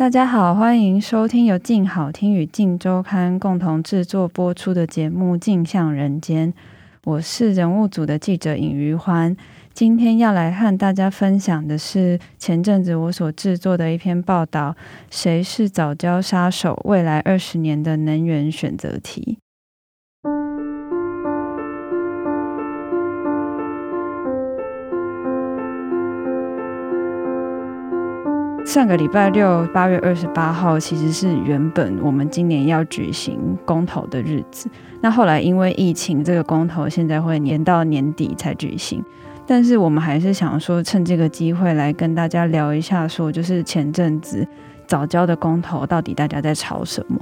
大家好，歡迎收聽由鏡好聽與鏡週刊共同製作播出的節目《鏡相人間》，我是人物組的記者尹余歡。今天要來和大家分享的是前陣子我所製作的一篇報道：誰是藻礁殺手？未來二十年的能源選擇題。上個禮拜六，八月二十八號，其實是原本我們今年要舉行公投的日子。那後來因為疫情，這個公投現在會延到年底才舉行。但是我們還是想說，趁這個機會來跟大家聊一下，說就是前陣子藻礁的公投到底大家在吵什麼。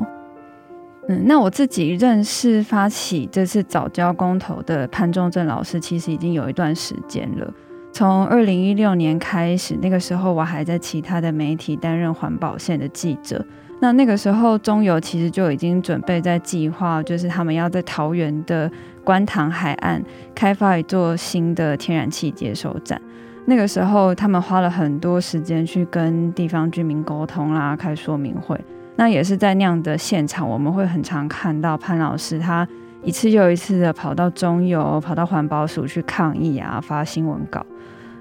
嗯，那我自己認識發起這次藻礁公投的潘忠政老師，其實已經有一段時間了。從二零一六年開始，那個時候我還在其他的媒體擔任環保線的記者。那那個時候，中油其實就已經準備在計劃，就是他們要在桃園的觀塘海岸開發一座新的天然氣接收站。那個時候，他們花了很多時間去跟地方居民溝通啦，開說明會。那也是在那樣的現場，我們會很常看到潘老師他。一次又一次的跑到中油，跑到環保署去抗議啊，發新聞稿。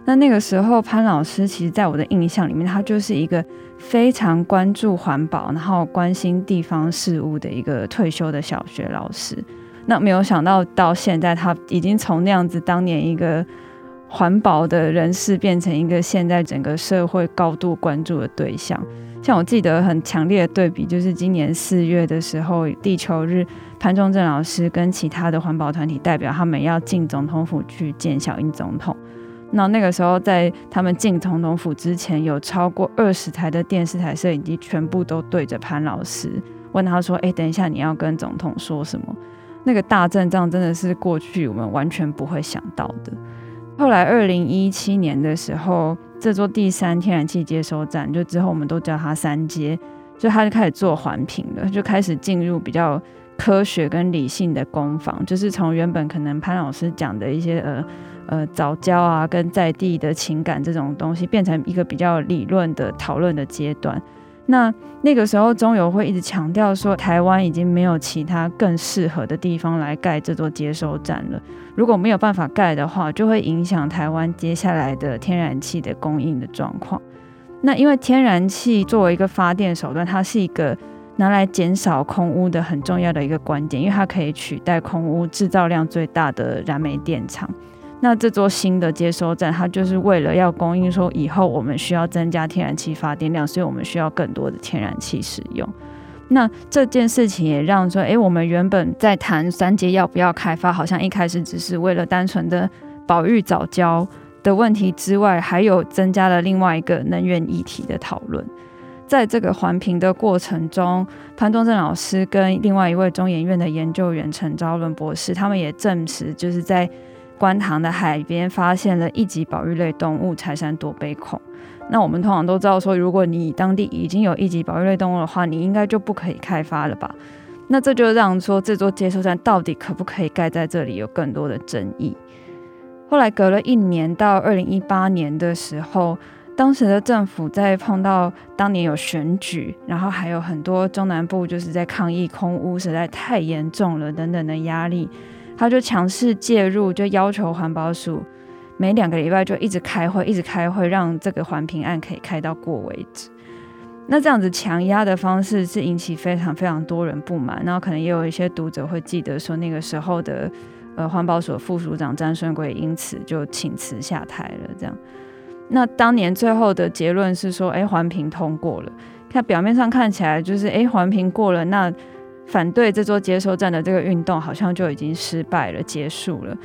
那那個時候，潘老師其實，在我的印象裡面，他就是一個非常關注環保，然後關心地方事務的一個退休的小學老師。那沒有想到，到現在他已經從那樣子當年一個環保的人士，變成一個現在整個社會高度關注的對象。像我記得很強烈的對比，就是今年四月的時候，地球日，潘忠政老師跟其他的環保團體代表，他們要進總統府去見小英總統。那那個時候，在他們進總統府之前，有超過二十台的電視台攝影機，全部都對着潘老師，問他說：“欸，等一下，你要跟總統說什麼？”那個大陣仗真的是過去我們完全不會想到的。後來，二零一七年的時候。這座第三天然氣接收站，就之後，我們都叫它三接。所以他就開始做環評了，就開始進入比較科學跟理性的攻防。就是從原本可能潘老師講的一些呃呃藻礁啊跟在地的情感這種東西，變成一個比較理論的討論的階段。那那個時候，中油會一直強調說，台灣已經沒有其他更適合的地方來蓋這座接收站了。如果沒有辦法蓋的話，就會影響台灣接下來的天然氣的供應的狀況。那因為天然氣作為一個發電手段，它是一個拿來減少空污的很重要的一個關鍵，因為它可以取代空污製造量最大的燃煤電廠。那這座新的接收站，它就是為了要供應，說以後我們需要增加天然氣發電量，所以我們需要更多的天然氣使用。那這件事情也讓說，哎、欸，我們原本在談三接要不要開發，好像一開始只是為了單純的保育藻礁的問題之外，還有增加了另外一個能源議題的討論。在這個環評的過程中，潘忠政老師跟另外一位中研院的研究員陳昭倫博士，他們也證實，就是在。觀塘的海邊發現了一級保育類動物柴山多杯孔。那我們通常都知道說，如果你當地已經有一級保育類動物的話，你應該就不可以開發了吧？那這就讓說，這座接收站到底可不可以蓋在這裡，有更多的爭議。後來隔了一年，到二零一八年的時候，當時的政府在碰到當年有選舉，然後還有很多中南部就是在抗議空污，實在太嚴重了等等的壓力。他就強勢介入，就要求環保署每兩個禮拜就一直開會，一直開會，讓這個環評案可以開到過為止。那這樣子強壓的方式是引起非常非常多人不滿，然後可能也有一些讀者會記得說，那個時候的呃環保署副署長詹順貴因此就請辭下台了。這樣，那當年最後的結論是說，哎、欸，環評通過了。他表面上看起來就是哎環評過了，那。反對這座接收站的這個運動好像就已經失敗了，結束了。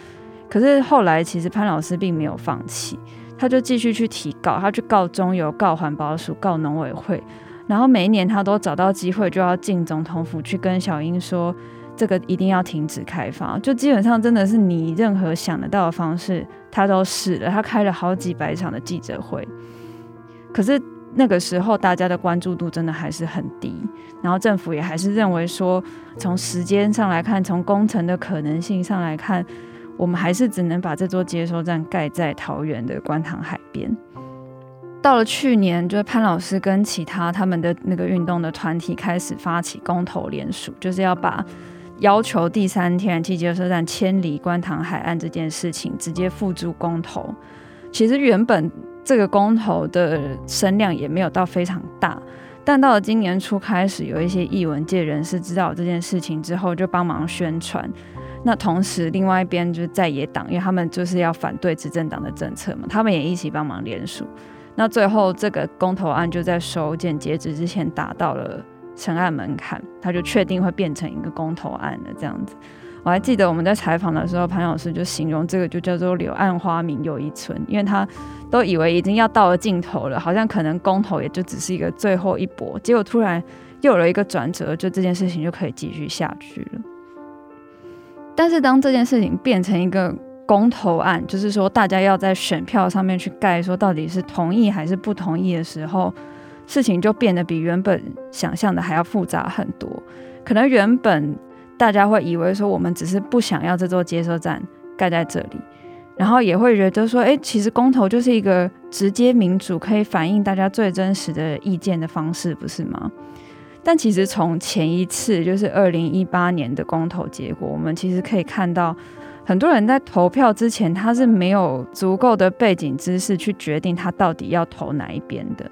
可是後來，其實潘老師並沒有放棄，他就繼續去提告，他去告中油、告環保署、告農委會，然後每一年他都找到機會就要進總統府去跟小英說，這個一定要停止開發。就基本上真的是你任何想得到的方式，他都試了，他開了好幾百場的記者會。可是。那個時候大家的關注度真的還是很低，然後政府也還是認為說，從時間上來看，從工程的可能性上來看，我們還是只能把這座接收站蓋在桃園的觀塘海邊。到了去年，就是潘老師跟其他他們的那個運動的團體開始發起公投聯署，就是要把要求第三天然氣接收站遷離觀塘海岸這件事情直接付諸公投。其實原本。這個公投的聲量也沒有到非常大，但到了今年初開始，有一些藝文界人士知道這件事情之後，就幫忙宣傳。那同時，另外一邊就是在野黨，因為他們就是要反對執政黨的政策嘛，他們也一起幫忙聯署。那最後，這個公投案就在收件截止之前達到了成案門檻，他就確定會變成一個公投案的這樣子。我還記得我們在採訪的時候，潘老師就形容這個就叫做“柳暗花明又一村”，因為他都以為已經要到了盡頭了，好像可能公投也就只是一個最後一搏，結果突然又有了一個轉折，就這件事情就可以繼續下去了。但是當這件事情變成一個公投案，就是說大家要在選票上面去蓋，說到底是同意還是不同意的時候，事情就變得比原本想象的還要複雜很多，可能原本。大家會以為說我們只是不想要這座接收站蓋在這裡，然後也會覺得說，誒、欸，其實公投就是一個直接民主，可以反映大家最真實的意見的方式，不是嗎？但其實從前一次就是二零一八年的公投結果，我們其實可以看到，很多人在投票之前，他是沒有足夠的背景知識去決定他到底要投哪一邊的。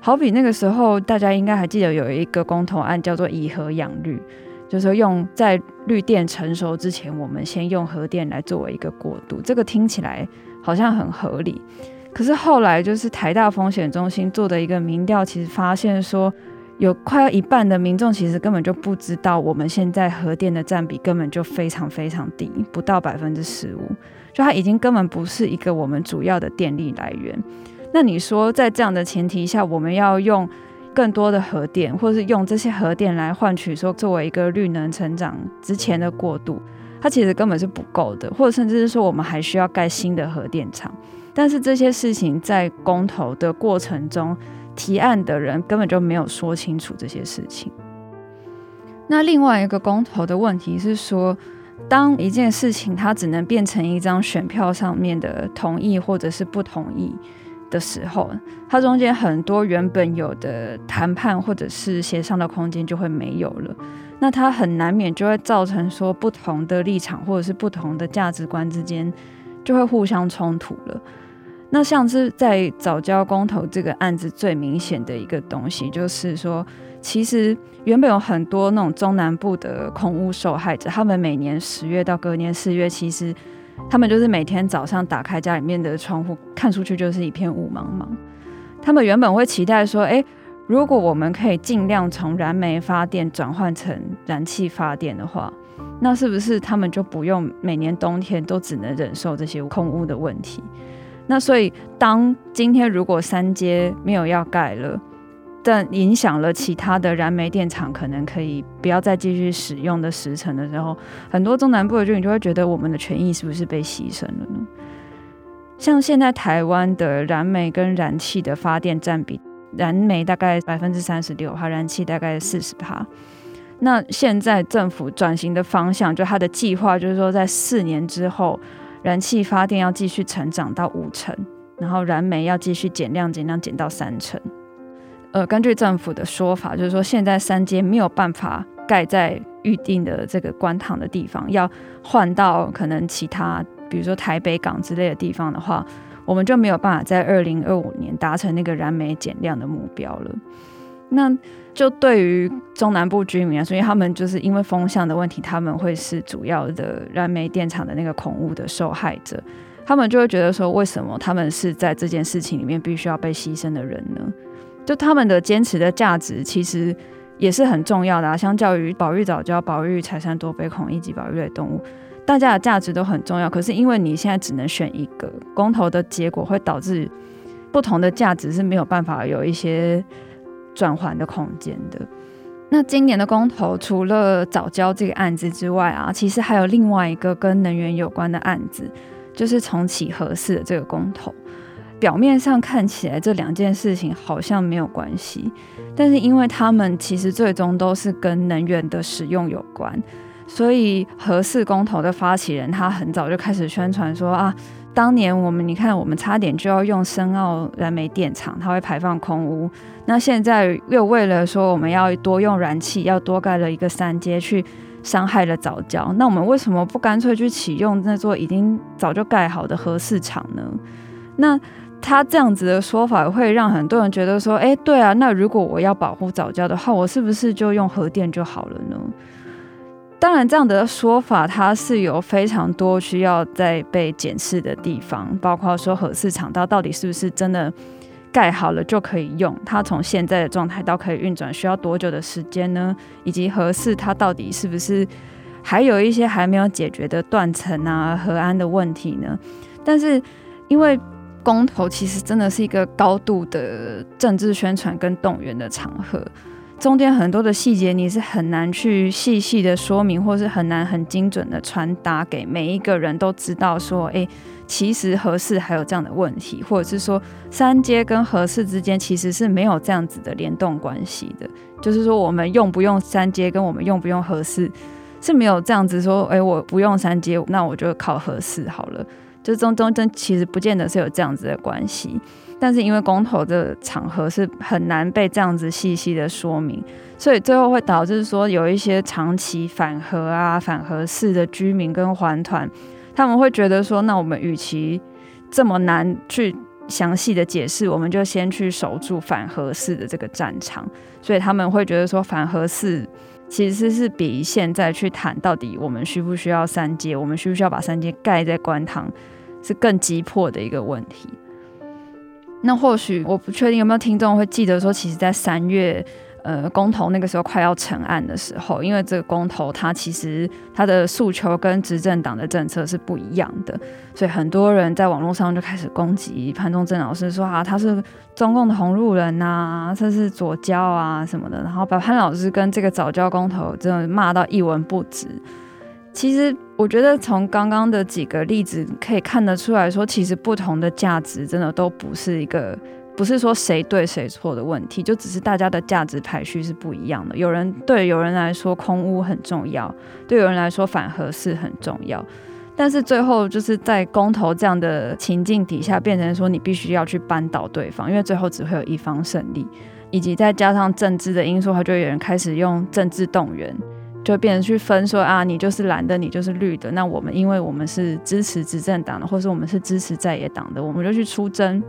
好比那個時候，大家應該還記得有一個公投案叫做“以核養綠”。就是說用在綠電成熟之前，我們先用核電來作為一個過渡。這個聽起來好像很合理，可是後來就是台大風險中心做的一個民調，其實發現說有快要一半的民眾其實根本就不知道我們現在核電的佔比根本就非常非常低，不到百分之十五，就它已經根本不是一個我們主要的電力來源。那你說在這樣的前提下，我們要用更多的核電，或是用這些核電來換取說，作為一個綠能成長之前的過渡，它其實根本是不夠的，或者甚至是說我們還需要蓋新的核電廠。但是這些事情在公投的過程中，提案的人根本就沒有說清楚這些事情。那另外一個公投的問題是說，當一件事情它只能變成一張選票上面的同意或者是不同意。的時候，它中間很多原本有的談判或者是協商的空間就會沒有了，那它很難免就會造成說不同的立場或者是不同的價值觀之間就會互相衝突了。那像是在藻礁公投這個案子最明顯的一個東西，就是說，其實原本有很多那種中南部的空污受害者，他們每年十月到隔年四月，其實。他們就是每天早上打開家裡面的窗戶，看出去就是一片霧茫茫。他們原本會期待說，誒、欸，如果我們可以盡量從燃煤發電轉換成燃氣發電的話，那是不是他們就不用每年冬天都只能忍受這些空污的問題？那所以，當今天如果三階沒有要蓋了，但影響了其他的燃煤電廠，可能可以不要再繼續使用的時程的時候，很多中南部的居民就會覺得，我們的權益是不是被犧牲了呢？像現在台灣的燃煤跟燃氣的發電占比，燃煤大概百分之三十六，哈，燃氣大概四十趴。那現在政府轉型的方向，就它的計劃就是說，在四年之後，燃氣發電要繼續成長到五成，然後燃煤要繼續減量減量減到三成。呃，根據政府的說法，就是說現在三接沒有辦法蓋在預定的這個觀塘的地方，要換到可能其他，比如說台北港之類的地方的話，我們就沒有辦法在二零二五年達成那個燃煤減量的目標了。那就對於中南部居民啊，所以他們就是因為風向的問題，他們會是主要的燃煤電廠的那個空污的受害者，他們就會覺得說，為什麼他們是在這件事情裡面必須要被犧牲的人呢？就他們的堅持的價值，其實也是很重要的啊。相較於保育藻礁、保育柴山、多杯孔以及保育類動物，大家的價值都很重要。可是，因為你現在只能選一個，公投的結果會導致不同的價值是沒有辦法有一些轉換的空間的。那今年的公投，除了藻礁這個案子之外啊，其實還有另外一個跟能源有關的案子，就是重啟核四的這個公投。表面上看起來這兩件事情好像沒有關係，但是因為他們其實最終都是跟能源的使用有關，所以核四公投的發起人他很早就開始宣傳說啊，當年我們你看我們差點就要用深澳燃煤電廠，它會排放空污，那現在又為了說我們要多用燃氣，要多蓋了一個三接，去傷害了藻礁，那我們為什麼不乾脆去啟用那座已經早就蓋好的核四廠呢？那他這樣子的說法會讓很多人覺得說：“哎、欸，對啊，那如果我要保護藻礁的話，我是不是就用核電就好了呢？”當然，這樣的說法它是有非常多需要再被檢視的地方，包括說核四廠到到底是不是真的蓋好了就可以用？它從現在的狀態到可以運轉需要多久的時間呢？以及核四它到底是不是還有一些還沒有解決的斷層啊、核安的問題呢？但是因為公投其實真的是一個高度的政治宣傳跟動員的場合，中間很多的細節你是很難去細細的說明，或是很難很精準的傳達給每一個人都知道。說，誒，其實核四還有這樣的問題，或者是說三接跟核四之間其實是沒有這樣子的聯動關係的。就是說，我們用不用三接跟我們用不用核四是沒有這樣子說，誒，我不用三接，那我就靠核四好了。就中中真，其實不見得是有這樣子的關係，但是因為公投的場合是很難被這樣子細細的說明，所以最後會導致說有一些長期反核啊反核四的居民跟環團，他們會覺得說，那我們與其這麼難去詳細的解釋，我們就先去守住反核四的這個戰場，所以他們會覺得說，反核四其實是比現在去談到底我們需不需要三接，我們需不需要把三接蓋在觀塘，是更急迫的一個問題。那或許我不確定有沒有聽眾會記得，說其實，在三月，呃，公投那個時候快要成案的時候，因為這個公投它其實它的訴求跟執政黨的政策是不一樣的，所以很多人在網絡上就開始攻擊潘忠政老師說，說啊他是中共的同路人呐、啊，他是左教啊什麼的，然後把潘老師跟這個藻礁公投真的罵到一文不值。其實，我覺得從剛剛的幾個例子可以看得出來說，其實不同的價值真的都不是一個，不是說誰對誰錯的問題，就只是大家的價值排序是不一樣的。有人對有人來說空污很重要，對有人來說反核是很重要，但是最後就是在公投這樣的情境底下，變成說你必須要去扳倒對方，因為最後只會有一方勝利，以及再加上政治的因素，他就會有人開始用政治動員。就變成去分說啊，你就是藍的，你就是綠的。那我們因為我們是支持執政黨的，或是我們是支持在野黨的，我們就去出征。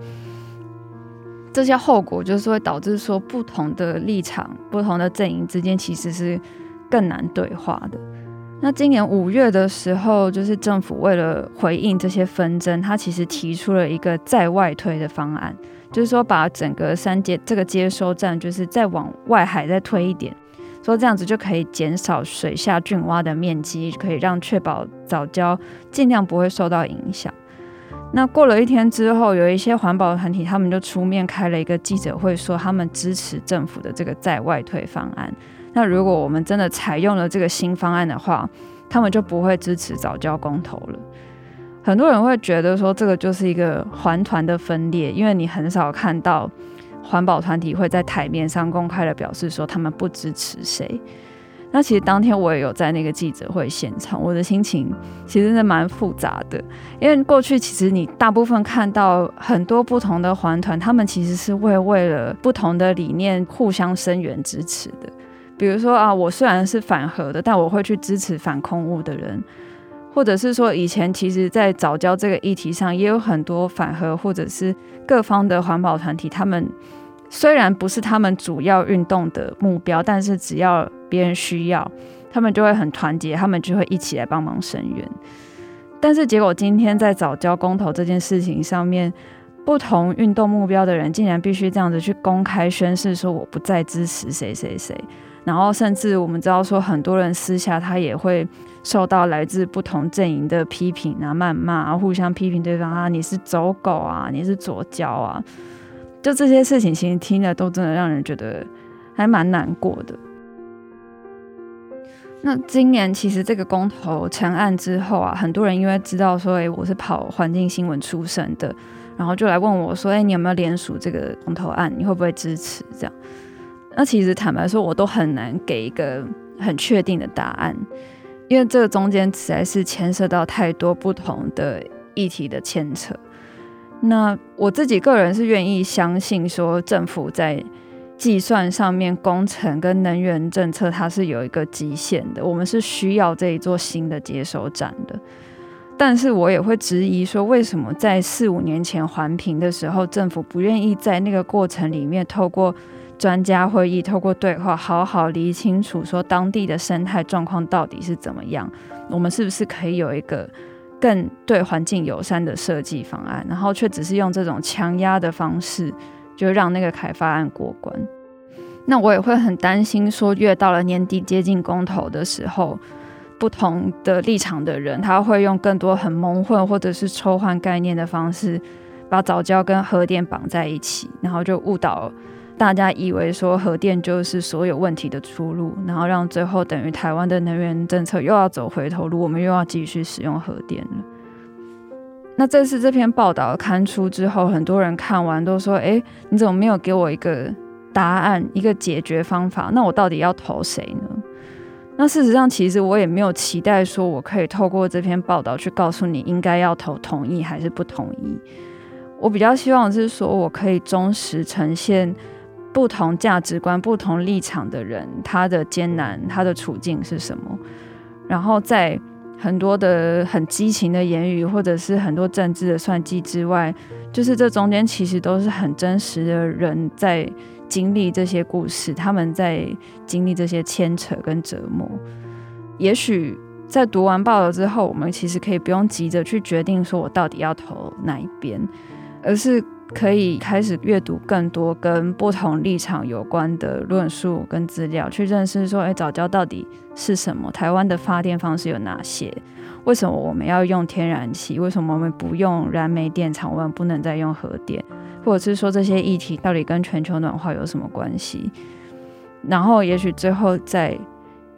這些後果就是會導致說，不同的立場、不同的陣營之間其實是更難對話的。那今年五月的時候，就是政府為了回應這些紛爭，他其實提出了一個再外推的方案，就是說把整個三接這個接收站，就是再往外海再推一點。說這樣子就可以減少水下浚挖的面積，可以讓確保藻礁儘量不會受到影響。那過了一天之後，有一些環保團體他們就出面開了一個記者會，說他們支持政府的這個再外推方案。那如果我們真的採用了這個新方案的話，他們就不會支持藻礁公投了。很多人會覺得說這個就是一個環團的分裂，因為你很少看到。環保團體會在台面上公開的表示說，他們不支持誰。那其實當天我也有在那個記者會現場，我的心情其實真的蠻複雜的。因為過去其實你大部分看到很多不同的環團，他們其實是會為了不同的理念互相聲援支持的。比如說啊，我雖然是反核的，但我會去支持反空污的人。或者是說，以前其實，在藻礁這個議題上，也有很多反核或者是各方的環保團體。他們雖然不是他們主要運動的目標，但是只要別人需要，他們就會很團結，他們就會一起來幫忙聲援。但是結果，今天在藻礁公投這件事情上面，不同運動目標的人竟然必須這樣子去公開宣誓說我不再支持誰誰誰，然後甚至我們知道說，很多人私下他也會。受到來自不同陣營的批評啊、謾罵啊，互相批評對方啊，你是走狗啊，你是左膠啊，就這些事情其實聽了都真的讓人覺得還蠻難過的。那今年其實這個公投成案之後啊，很多人因為知道說，誒、欸，我是跑環境新聞出身的，然後就來問我說，誒、欸，你有沒有聯署這個公投案？你會不會支持？這樣？那其實坦白說，我都很難給一個很確定的答案。因為這個中間實在是牽涉到太多不同的議題的牽扯，那我自己個人是願意相信說，政府在計算上面、工程跟能源政策，它是有一個極限的，我們是需要這一座新的接收站的。但是我也會質疑說，為什麼在四五年前環評的時候，政府不願意在那個過程裡面透過專家會議透過對話，好好理清楚說當地的生態狀況到底是怎麼樣，我們是不是可以有一個更對環境友善的設計方案？然後卻只是用這種強壓的方式，就讓那個開發案過關。那我也會很擔心，說越到了年底接近公投的時候，不同的立場的人他會用更多很矇混或者是抽換概念的方式，把藻礁跟核電綁在一起，然後就誤導。大家以為說核電就是所有問題的出路，然後讓最後等於台灣的能源政策又要走回頭路，我們又要繼續使用核電了。那這次這篇報道刊出之後，很多人看完都說：“哎、欸，你怎麼沒有給我一個答案，一個解決方法？那我到底要投誰呢？”那事實上，其實我也沒有期待說我可以透過這篇報道去告訴你應該要投同意還是不同意。我比較希望是說我可以忠實呈現。不同價值觀、不同立場的人，他的艱難、他的處境是什麼？然後在很多的很激情的言語，或者是很多政治的算計之外，就是這中間其實都是很真實的人在經歷這些故事，他們在經歷這些牽扯跟折磨。也許在讀完報道之後，我們其實可以不用急着去決定說，我到底要投哪一邊，而是可以開始閱讀更多跟不同立場有關的論述跟資料，去認識說，哎、欸，藻礁到底是什麼？台灣的發電方式有哪些？為什麼我們要用天然氣？為什麼我們不用燃煤電廠？我們不能再用核電？或者是說這些議題到底跟全球暖化有什麼關係？然後，也許最後再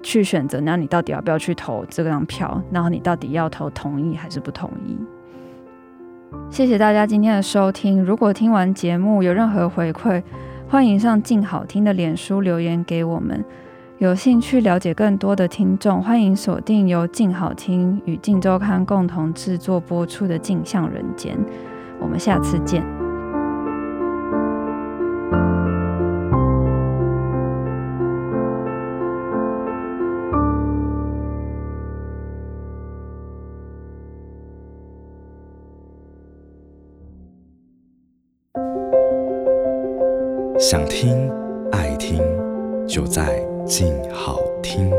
去選擇，那你到底要不要去投這個票？然後你到底要投同意還是不同意？謝謝大家今天的收聽。如果聽完節目有任何回饋，歡迎上鏡好聽的臉書留言給我們。有興趣了解更多的聽眾，歡迎鎖定由鏡好聽與鏡週刊共同製作播出的《鏡像人間》。我們下次見。想聽，愛聽，就在靜好聽。